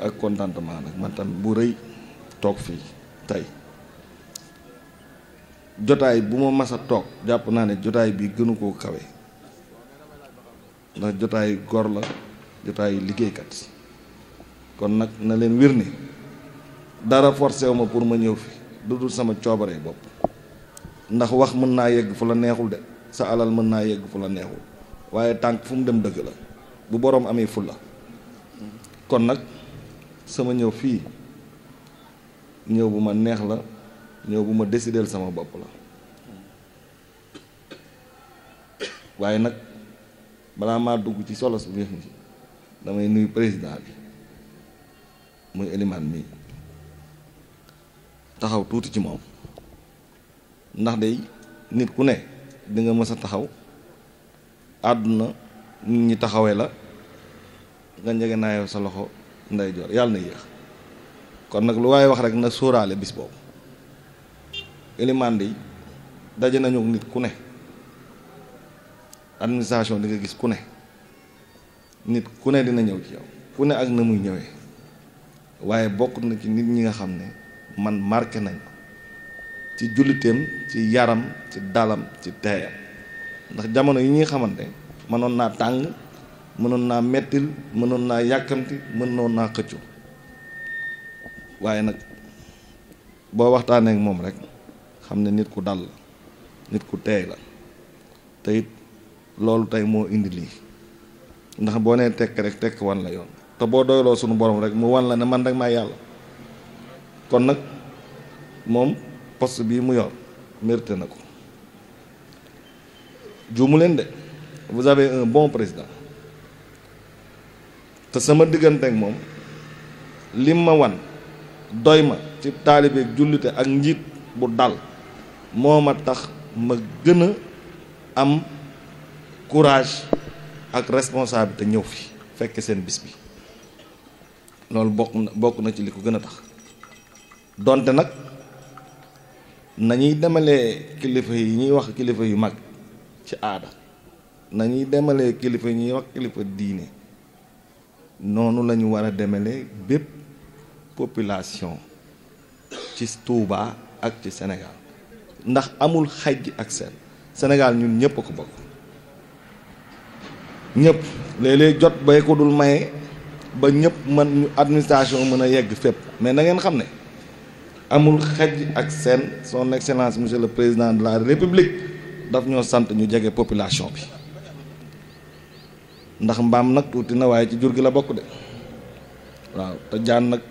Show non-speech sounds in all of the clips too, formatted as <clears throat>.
ak contentement nag man bu rëy toog fii tey jotaay bu ma mas a toog jàpp naa ne jotaay bi gënu koo kawe ndax jotaay gor la jotaay liggéeykat kon nag na leen wér ni dara forcé ma pour ma ñëw fii du dul sama coobaree bopp ndax wax mën naa yegg fu la neexul de sa alal mën naa yegg fu la neexul waaye tànk fu mu dem dëgg la bu boroom amee fulla kon nag sama ñëw fii ñëw bu ma neex la ñëw bu ma décideel sama bopp la waaye nag balaa maa dugg ci solo bu yëf damay nuyu président bi muy Eliman mii taxaw tuuti ci moom ndax day nit ku ne dinga nga mës a taxaw àdduna nit ñi taxawee la nga njege naa yow sa loxo nday yàlla na yéex kon nag lu waaye wax rek na sóoraale bis boobu élimande yi daje nañu nit ku ne administration di gis ku ne nit ku ne dina ñëw ci yow ku ne ak na muy ñëwee waaye bokkut na ci nit ñi nga xam ne man marqué nañ ci julliteem ci yaram ci dalam ci teeyam ndax jamono yi ñuy xamante mënoon naa tàng mënoon naa mettil mënoon naa yàkkamti mënoon naa xëccu waaye nag boo waxtaanee ak moom rek xam ne nit ku dal la nit ku teey la te it loolu tey moo indi lii ndax boo nee tekk rek tekk wan la yoon te boo doyloo sunu borom rek mu wan la ne man rek maa yàlla kon nag moom post bii mu yor mérité na ko juumu leen de vous avez un bon président te sama diggante moom lim ma wan doy ma ci taalibe jullite ak njiit bu dal moom ma tax ma gën a am courage ak responsabilité ñëw fi fekk seen bis bi loolu bokk na bokk na ci li ko gën a tax donte nag na ñuy demalee kilifa yi ñuy wax kilifa yu mag ci aada nañuy demalee kilifa yi ñuy wax kilifa diine noonu la ñu war a demele bépp population ci Touba ak ci Sénégal ndax amul xaj ak seen Sénégal ñun ñëpp a ko bokk ñëpp léeg-léeg jot bay ko dul maye ba ñëpp mën ñu administration mën a yegg fépp mais na ngeen xam ne amul xej ak seen son excellence monsieur le président de la république daf ñoo sant ñu jege population bi ndax mbaam nag tuuti na waaye ci jur gi la bokk de waaw te jaan nag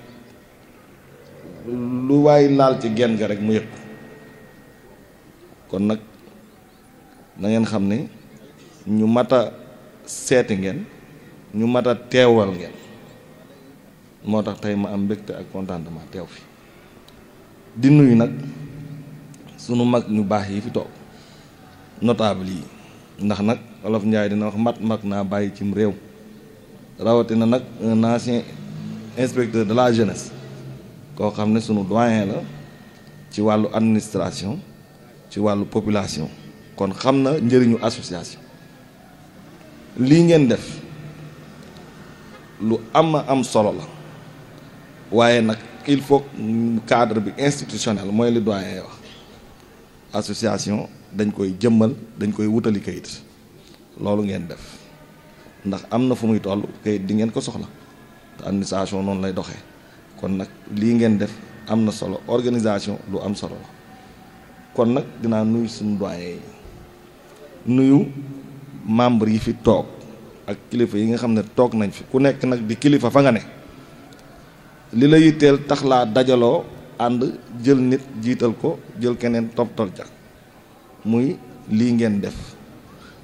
lu waay laal ci genn ga rek mu yëpp kon nag nangeen xam ne ñu mat a seeti ngeen ñu mat a teewal ngeen moo tax tey ma am mbégte ak contentement teew fi di nuyu nag sunu mag ñu baax yi fi toog notable yi ndax nag olof njaay dina wax mat mag naa bàyyi cim réew rawatina nag un ancien inspecteur de la jeunesse koo xam ne sunu doyen la ci wàllu administration ci wàllu population kon xam na njëriñu association lii ngeen def lu am am solo la waaye nag il faut cadre bi institutionnel mooy li doyen wax association dañ koy jëmmal dañ koy wutali kayit loolu ngeen def ndax am na fu muy toll kayit di ngeen ko soxla te administration noonu lay doxee kon nag lii ngeen def am na solo organisation lu am solo la kon nag dinaa nuyu suñu doyen nuyu membre yi fi toog ak kilifa yi nga xam ne toog nañ fi ku nekk nag di kilifa fa nga ne li la yitteel tax laa dajaloo ànd jël nit jiital ko jël keneen toppatoo ca muy lii ngeen def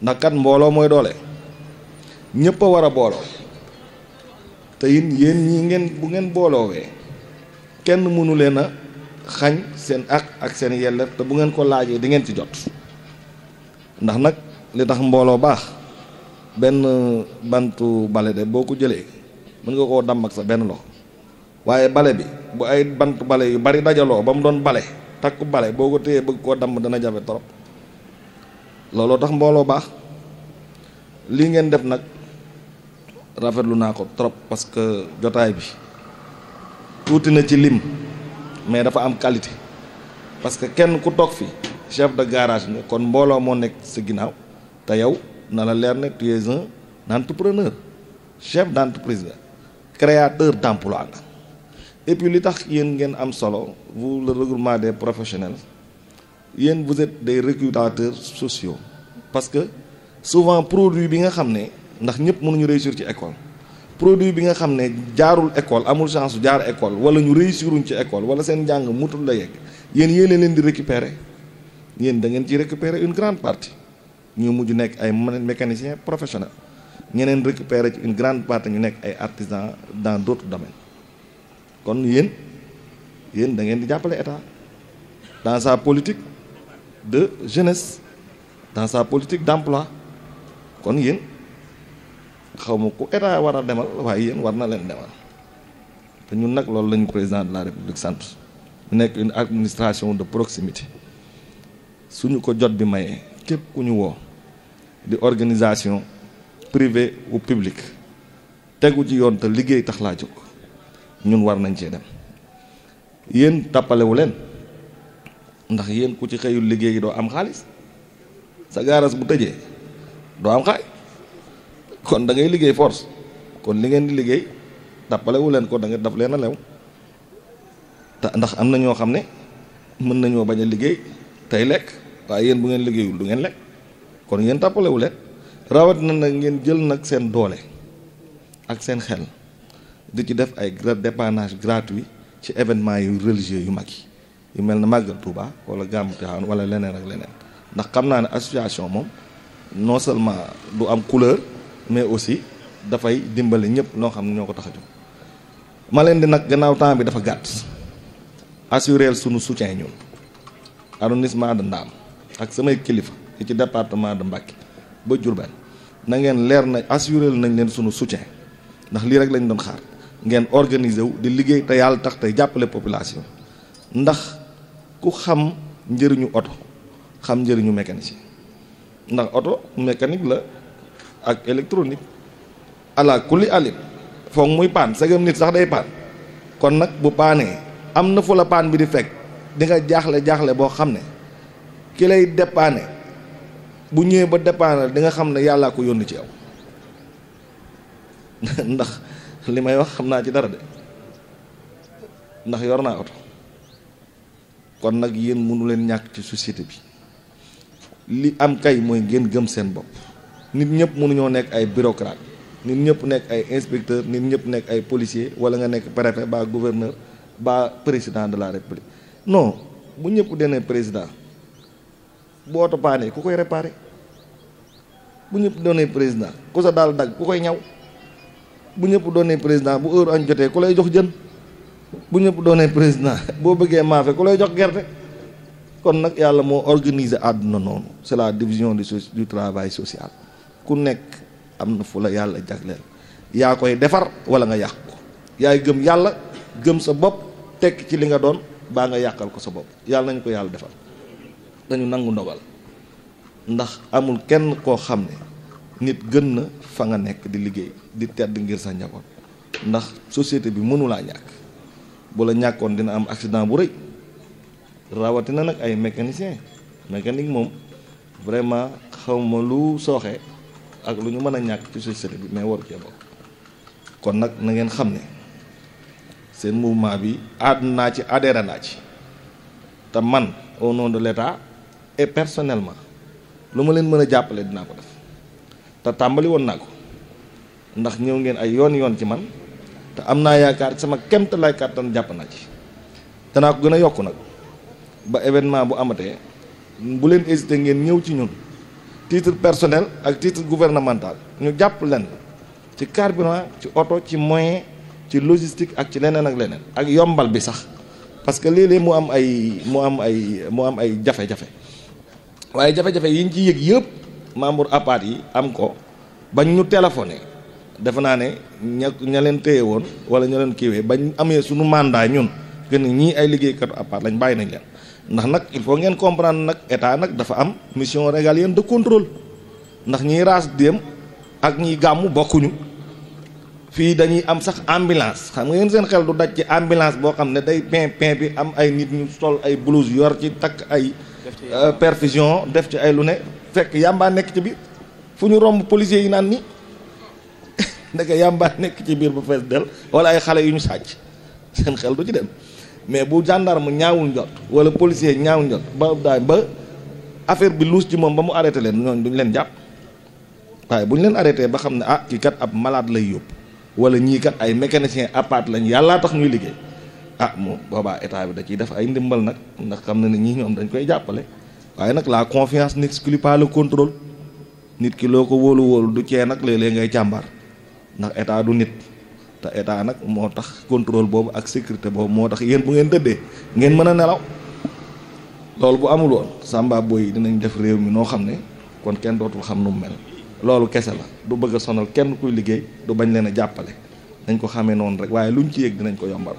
ndax kat mbooloo mooy doole ñëpp a war a booloo te it yéen ñi ngeen bu ngeen booloowee kenn mënu leen a xañ seen ak ak seen yelleef te bu ngeen ko laajee di ngeen ci jot ndax nag li tax mbooloo baax benn bantu bale de boo ko jëlee mën nga koo damm ak sa benn loxo. waaye bale bi bu ay bant bale yu bari dajaloo ba mu doon bale takk bale boo ko téyee bëgg koo damm dana jafe trop looloo tax mbooloo baax lii ngeen def nag rafetlu naa ko trop parce que jotaay bi tuuti na ci lim mais dafa am qualité parce que kenn ku toog fi chef de garage nga kon mbooloo moo nekk sa ginnaaw te yow na la leer ne tu es un entrepreneur chef d'entreprise nga créateur d'emploi nga et li tax yéen ngeen am solo vous le regroupement des professionnels yéen vous êtes des recrutateurs sociaux parce que souvent produit bi nga xam ne ndax ñëpp mënuñu réussir ci école produit bi nga xam ne jaarul école amul chance jaar école wala ñu réussiruñ ci école wala seen njàng mutul la yegg yéen yéen leen di récupérer yéen da ngeen ci récupérer une grande partie ñu mujj nekk ay mécaniciens professionnels ñeneen récupérer ci une grande partie ñu nekk ay artisans dans d'autres domaines kon yéen yéen da ngeen di jàppale état dans sa politique de jeunesse dans sa politique d'emploi kon yéen xaw ma ku état war a demal waaye yéen war na leen demal te ñun nag loolu lañu président de la république sant mu nekk une administration de proximité suñu ko jot bi mayee képp ku ñu woo di organisation privée ou publique tegu ci yoon te liggéey tax laa jóg ñun war nañ cee dem yéen tappalewu leen ndax yéen ku ci xëyul liggéey doo am xaalis sa gaaraas bu tëjee doo am xaay kon dangay liggéey force kon li ngeen di liggéey tàppalewu leen ko da nga daf leen a lew te ndax am na ñoo xam ne mën nañoo bañ a liggéey tey lekk waaye yéen bu ngeen liggéeyul du ngeen lekk kon yéen tàppalewu leen rawatina nag ngeen jël nag seen doole ak seen xel di ci def ay dépannage gratuit ci événement yu religieux yu mag yi yu mel ne màggal Touba wala gàmmu Tivaouane wala leneen ak leneen ndax xam naa ne association moom non seulement du am couleur mais aussi dafay dimbale ñëpp loo xam ne ñoo ko tax a jóg ma leen di nag gannaaw temps bi dafa gàtt assurer sunu soutien ñun arrondissement de Ndaam ak samay kilifa yi ci département de Mbacké ba Diourbel na ngeen leer na assurer nañ leen sunu soutien ndax lii rek lañ doon xaar. ngeen organiser wu di liggéey te yàlla tax tey jàppale population ndax ku xam njëriñu oto xam njëriñu mécanicien ndax oto mécanique la ak électronique ala kulli alit foog muy paan sagam nit sax day paan kon nag bu paanee am na fu la paan bi di fekk di jaaxle jaaxle boo xam ne ki lay dépanne bu ñëwee ba dépanne di nga xam ne yàllaa ko yónni ci aw <laughs> ndax li may wax xam naa ci dara de ndax yor naa oto kon nag yéen mënu leen ñàkk ci société bi li am kay mooy ngeen gëm seen bopp nit ñëpp mënuñoo nekk ay bureaucrate nit ñëpp nekk ay inspecteur nit ñëpp nekk ay policier wala nga nekk préfet ba gouverneur ba président de la république no bu ñëpp dene président bu oto paanee ku koy réparé bu ñëpp doonee président ku sa daal dagg ku koy ñaw bu ñëpp doonee président bu heure añ jotee ku lay jox jën bu ñëpp doonee président <laughs> boo bëggee maafe ku lay jox gerte kon nag yàlla moo organiser àdduna noonu c'est la division du du travail social ku nekk am na fu la yàlla jagleel yaa koy defar wala nga yàq ko yaay gëm yàlla gëm sa bopp tekk ci li nga doon baa nga yàqal ko sa bopp yàlla nañu ko yàlla defal dañu nangu ndogal ndax amul kenn koo xam ne nit gën na fa nga nekk di liggéey di tedd ngir sa njaboot ndax société bi mënulaa ñàkk bu ñàkkoon dina am accident bu rëy rawatina nag ay mécanicien mécanique moom vraiment xawma lu sooxe ak lu ñu mën a ñàkk ci société bi mais waru cee bokk kon nag na ngeen xam ne seen mouvement bi aad ci adhéré naa ci te man au nom de l'état et personnellement lu ma leen mën a jàppale dinaa ko def te tàmbali woon naa ko ndax ñëw ngeen ay yoon yoon ci man te am naa yaakaar sama kemt lay kàttan jàpp naa ci danaa ko gën a yokk nag ba événement bu amatee bu leen hésité ngeen ñëw ci ñun tiitre personnel ak titre gouvernemental ñu jàpp leen ci carburant ci oto ci moyens ci logistique ak ci leneen ak leneen ak yombal bi sax parce que léeg-léeg mu am ay mu am ay mu am ay jafe-jafe waaye jafe-jafe yi ñu ci yëg yëpp membre APAT yi am ko bañ ñu téléphone defe naa ne ña ña leen téye woon wala ña leen kiiwee bañ amee suñu mandat ñun que ni ñii ay liggéeykatu APAT lañ bàyyi nañ leen ndax nag il faut ngeen comprendre nag état nag dafa am mission régalienne de contrôle ndax ñi raas dem ak ñi gàmm bokkuñu fii dañuy am sax ambulance xam nga yéen seen xel du daj ci ambulance boo xam ne day pin pin bi am ay nit ñu sol ay blouse yor ci takk ay euh, perfusion def ci ay lu ne fekk yàmbaa nekk ci biir fu ñu romb policiers yi naan ni ndeke yàmbaa nekk ci biir bu fees del wala ay xale yu ñu sàcc seen xel du ci dem mais bu gendarme ñaawul njot wala policier ñaaw njot ba daay ba affaire bi luus ci moom ba mu arrêté leen ñooñu duñ leen jàpp waaye bu ñu leen arrêté ba xam ne ah kii kat ab malade lay yóbbu wala ñii kat ay mécanicien apat lañ yàllaa tax ñuy liggéey ah moom boobaa état bi da ciy def ay ndimbal nag ndax xam na ne ñii ñoom dañ koy jàppale waaye nag la confiance n'exclut pas la contrôle nit ki loo ko wóolu wóolu du cee nag léeg ngay càmbar ndax état du nit te état nag moo tax control boobu ak sécurité boobu moo tax yéen bu ngeen tëddee ngeen mën a nelaw loolu bu amul woon sàmba yi dinañ def réew mi noo xam ne kon kenn dootul xam nu mu mel loolu kese la du bëgg sonal kenn kuy liggéey du bañ leen a jàppale dañ ko xamee noonu rek waaye luñ ci yëg dinañ ko yombal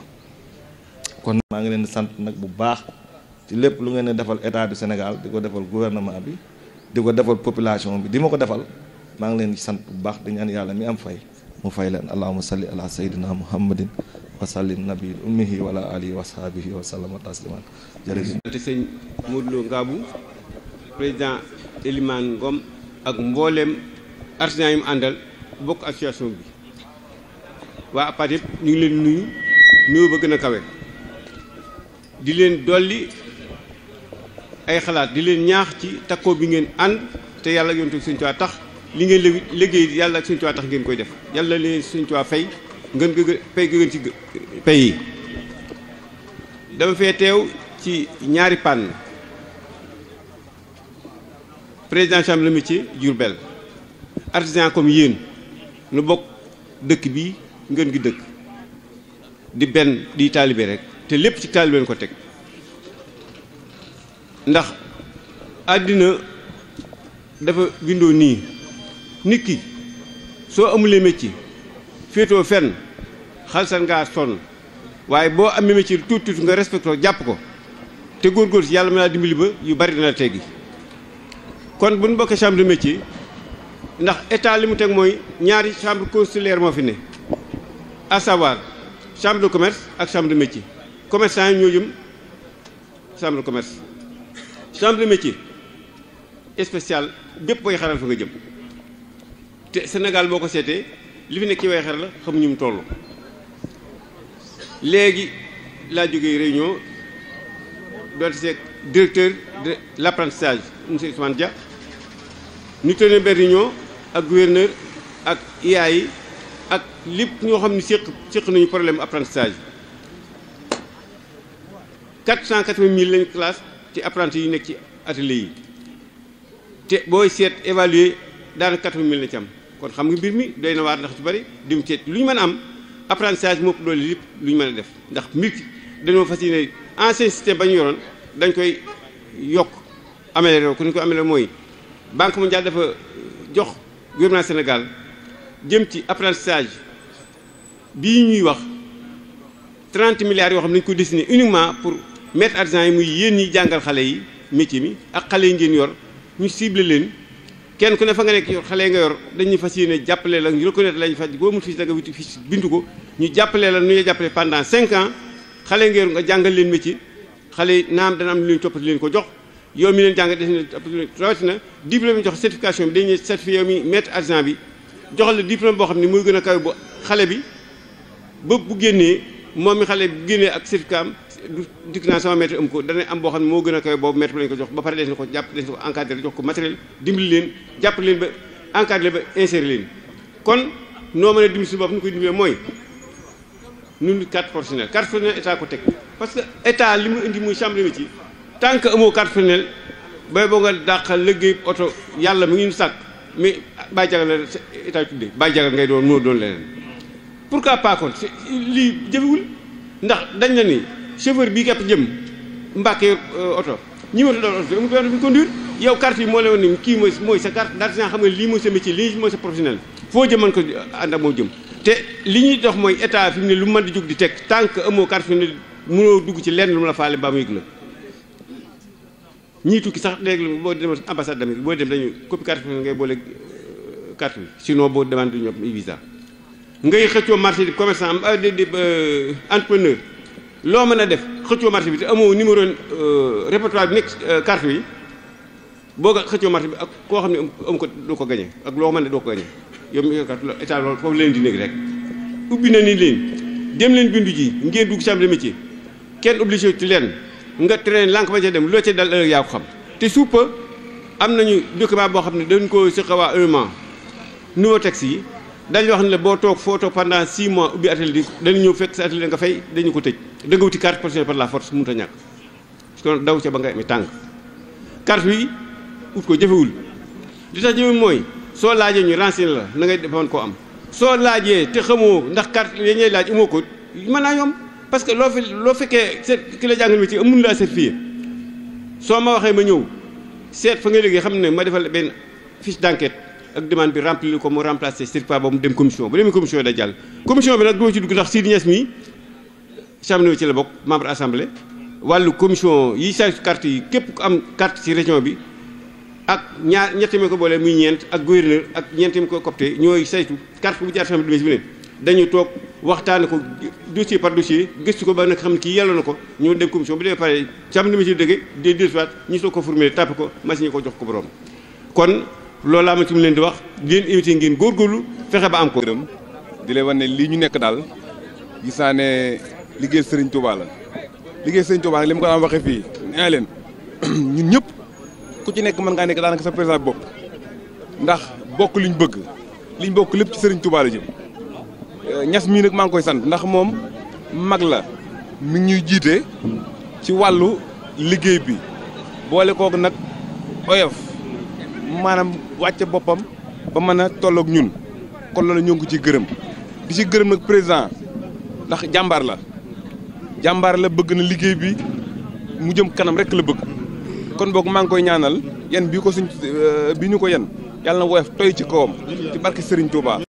kon maa ngi leen di sant nag bu baax ci lépp lu ngeen ne defal état du Sénégal di ko defal gouvernement bi di ko defal population bi di ma ko defal maa ngi leen di sant bu baax di ñaan yàlla mi am fay mu fay leen allahuma salli ala sayyidina muhammadin wa salli nabiil ummihi wala alihi wa sahbihi wa sallama tasliman jërëjëf sëñ Modou Lo Ngabou président Elimane Ngom ak mbooleem artisan yi mu àndal bokk association bi waa APAT yëpp ñu ngi leen nuyu nuyu ba gën a kawe di leen dolli ay xalaat di leen ñaax ci takkoo bi ngeen ànd te yàlla ak yonent Sëriñ Tuubaa tax li ngeen liggéey yàlla ak Sëriñ Tuubaa ngeen koy def yàlla leen Sëriñ Tuubaa fay ngeen gëgë fay gëgën ci pay yi dama fee teew ci ñaari pànn président chambre de métier Diourbel artisan comme yéen lu bokk dëkk bi ngeen gi dëkk di benn di taalibe rek te lépp ci taalibe ko teg ndax àddina dafa bindoo nii nit ki soo amulee métier féetoo fenn xalsan ngaa sonn waaye boo amee métier tuut tuut nga respecté jàpp ko te góorgóor si yàlla mën naa dimbali ba yu bari dana teggi kon bu ñu bokkee chambre de ndax état li mu teg mooy ñaari chambre consulaire moo fi ne à savoir chambre de commerce ak chambre de métier commerçant yi ñoo jëm chambre de chambre de métier spécial bépp way xaral fa nga jëm te Sénégal boo ko seetee li fi nekk ci way xaral la xamuñu mu toll léegi laa jógee réunion doon directeur de l' apprentissage monsieur Ousmane Dia ñu tënee benn réunion ak gouverneur ak IA yi ak lépp ñoo xam ne séq séq nañu problème apprentissage 480 000 lañu classe ci apprenti yu nekk ci atelier yi te booy seet évaluer daanaka quatre-vingt mille kon xam nga mbir mi doy na waar ndax ci bari dim seet lu ñu mën a am apprentissage moo ëpp doole lépp lu ñu mën a def ndax mbir dañoo fas yéene ancien système ba ñu yoroon dañ koy yokk amélioré ku ñu ko amélioré mooy banque mondiale dafa jox gouvernement Sénégal jëm ci apprentissage bi ñuy wax 30 milliards yoo xam ne dañu ko destiné uniquement pour maître artisan yi muy yéen ñi jàngal xale yi métier mi ak xale yi ngeen yor ñu ciblé leen kenn ku ne fa nga nekk yor xale yi nga yor dañuy fas yéene jàppale la ñu reconnaître lañu fa boo amul fiche da nga wuti fiche bindu ko ñu jàppale la nu jàppale pendant cinq ans xale yi nga yor nga jàngal leen métier xale yi naam dana am lu ñu toppati leen ko jox yow mi leen jàngal des na rawatina diplôme yi jox certification bi dañuy certifié yow mi maître artisan bi joxal la diplôme boo xam ne mooy gën a kawe bu xale bi ba bu génnee moom mi xale bu génnee ak certificat am dikk naa sama maître am ko dana am boo xam ne moo gën a kawe boobu maître bi lañ ko jox ba pare des na ko jàpp des na ko encadré jox ko matériel dimbali leen jàpp leen ba encadré ba insérer kon noo mën a dimbali suñu bopp ñu koy dimbalee mooy ñun carte professionnelle carte professionnelle état ko teg parce que état li mu indi muy chambre de métier tant que amoo carte professionnelle bay boo nga dàqal liggéey oto yàlla mu ngi nu sàkk mais bàyyi jagal la état yi tuddee ngay doon moo doon leneen pourquoi pas kon lii jëfewul ndax dañ la ni chauffeur bii képp jëm mbàkkee euh, oto ñi ma doon oto amul yoon bu ñu yow carte yi moo leen ni kii mooy mooy sa carte ndax dinaa xam ne lii mooy sa métier lii mooy sa professionnel foo jëm mën ko ànd ak moo jëm te li ñuy dox mooy état fi mu ne lu man di jóg di teg tant que amoo carte fi mu ne mënoo dugg ci lenn lu mu la faale ba mu yëg la ñii tukki sax léegi boo demee ambassade d'Amérique boo dem dañu copie carte ngay boole euh, carte bi sinon boo demande du ñu ngay xëccoo marché di commerçant am euh, entrepreneur loo mën a def xëccoo marché bi te amoo numéro euh, répertoire bi nekk euh, carte bi boo ko xëccoo marché bi ak koo xam ne amu ko doo ko gañe ak loo mën ne doo ko gañe yow mi kat état loolu foofu leen di nekk rek ubbi na ni leen dem leen bindu ji ngeen dugg chambre de métier kenn obligé ci leen nga train lànk ba ca dem loo ca dal ëllëg yaa ko xam te suppa am nañu document boo xam ne dañ ko sëqa waa UEMOA nouveau texte yi dañu wax ne la boo toog foo toog pendant 6 mois ubbi atelier dañu ñëw fekk sa atelier nga fay dañu ko tëj da nga wuti carte professionnelle par la force mënut a ñàkk kon daw ca ba nga amee tànk carte bi ut ko jëfewul li tax jëfewul mooy soo laajee ñu renseigné la na ngay defoon koo am soo laajee te xamoo ndax carte ya ñuy laaj amoo ko mën naa yomb parce que loo fi loo fekkee seet ki la jàngal métier amun laa certifié soo ma waxee ma ñëw seet fa nga liggéey xam ne ma defal benn fiche d'enquête ak demande bi remplir ko mu remplacer certificat boobu mu dem commission bu demee commission day jàll. commission bi nag doo ci dugg ndax Sidi Niass mii chambre ci la bokk membre assemblée wàllu commission yi say carte yi képp ku am carte ci région bi. ak ñaar ñetti mi ko boole muy ñeent ak gouverneur ak ñeenti mi ko copté ñooy saytu carte bu jaar chambre de métier bi ne dañu toog waxtaan ko dossier par dossier gëstu ko ba nga xam ne kii yelloo na ko ñu dem commission bu dee pare chambre de métier bi dëgg day dellusiwaat ñu soog ko formuler tàpp ko machine ko jox ko borom kon. loolu laa ma ci mu leen di wax ngeen invité ngeen góorgóorlu fexe ba am ko. gërëm di lay wan ne lii ñu nekk daal gis naa ne liggéey sëriñ Touba la liggéey sëriñ Touba li ma ko daan waxee fii nee leen <clears throat> ñun ñëpp ku ci nekk mën ngaa nekk daanaka sa président bopp ndax bokk liñ bëgg liñ bokk lépp ci sëriñ Touba jëm ñas euh, mii nag maa ngi koy sant ndax moom mag la mi ñuy jiite ci wàllu liggéey bi boole kooku nag oyof. maanaam wàcce boppam ba mën a tolloog ñun kon loolu ñoo ngi ci gërëm di ci gërëm nag président ndax jàmbaar la jàmbaar la bëgg na liggéey bi mu jëm kanam rek la bëgg kon boog maa ngi koy ñaanal yan bii ko suñ euh, bi ñu ko yan yàlla na woyof toy ci kawam ci barke Serigne Touba